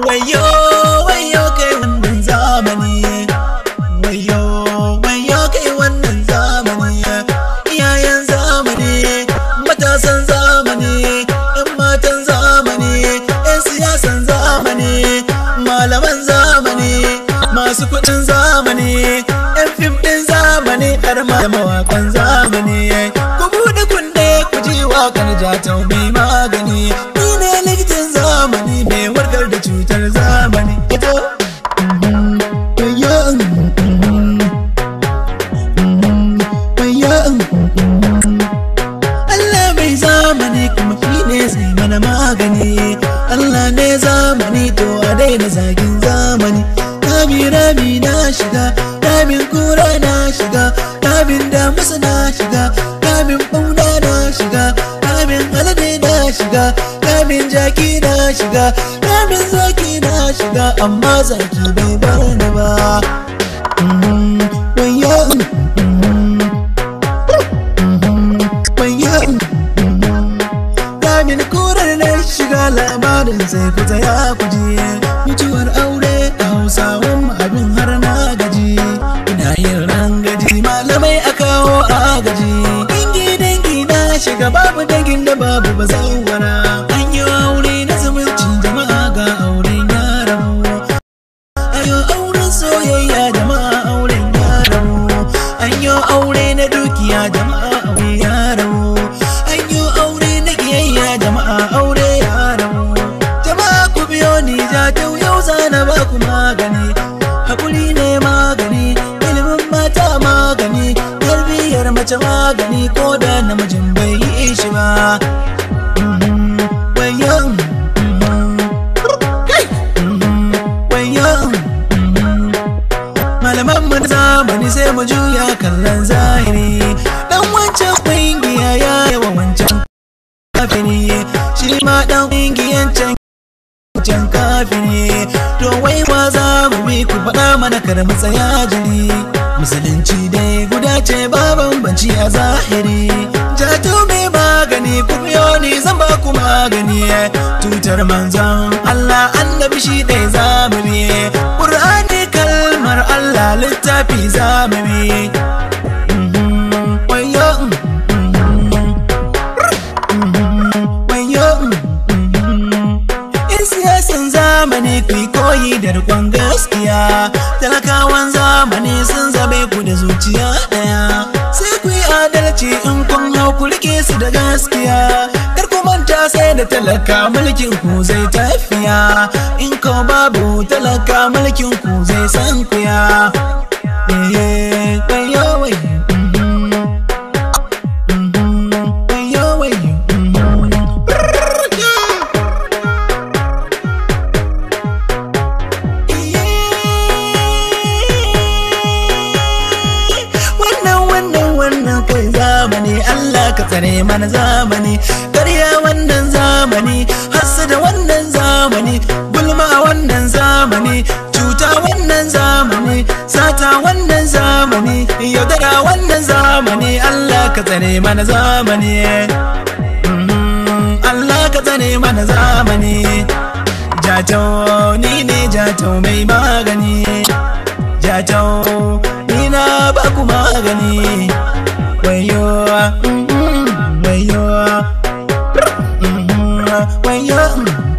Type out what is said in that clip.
wayo wayo kai wannan zamani wayo wayo kai wannan zamani iyayen zamani matasan zamani yan matan zamani yan siyasan zamani malaman zamani masu kudin zamani yan fim zamani har ma da mawakan zamani ku bude kunne ku ji wakan jatau bima na zagin zamani rami rami na shiga ramin kura na shiga ramin damusa na shiga ramin bauna na shiga ramin alade na shiga ramin jaki na shiga ramin zaki na shiga amma zaki bai bar ni ba mm-hmm. Mm-hmm. Mm-hmm. Ramin kurar na shiga sai ku ya kuje ga babu dangin da babu ba zauwara an yi wa aure na zumuncin jama'a ga auren yaran mu ayo auren soyayya jama'a auren yaran an yi aure na dukiya jama'a auren yaran an yi aure na kiyayya jama'a aure yaran jama'a ku biyo ni ja tau yau na ba ku magani hakuri ne magani ilimin mata magani tarbiyyar mace magani ya kallon zahiri dan wancan kungiya ya yawa wancan kafini? shi ma dan kungiyan can can kafiri to wai wa za mu bi ku faɗa mana kar mu tsaya jiri musulunci dai guda ce ba bambanci a zahiri jato mai magani kumyo ne zan ba ku magani tutar manzon Allah annabi shi dai zamu bi. littafi za mu mm-hmm. Mm-hmm. Mm-hmm. zamani ku koyi da rikon gaskiya talakawan zamani sun zame ku da zuciya daya sai ku yi adalci in kun hau su da gaskiya kar ku manta sai da talaka mulkin ku zai tafiya in ko babu talaka mulkin ku zai sankuya ka tsare mana zamani karya wannan zamani da wannan zamani gulma a wannan zamani cuta wannan zamani sata wannan zamani yaudara wannan zamani Allah ka tsare mana zamani mm-hmm. Allah ka tsare mana zamani jatau ni ne jatau mai magani jatau When you mm,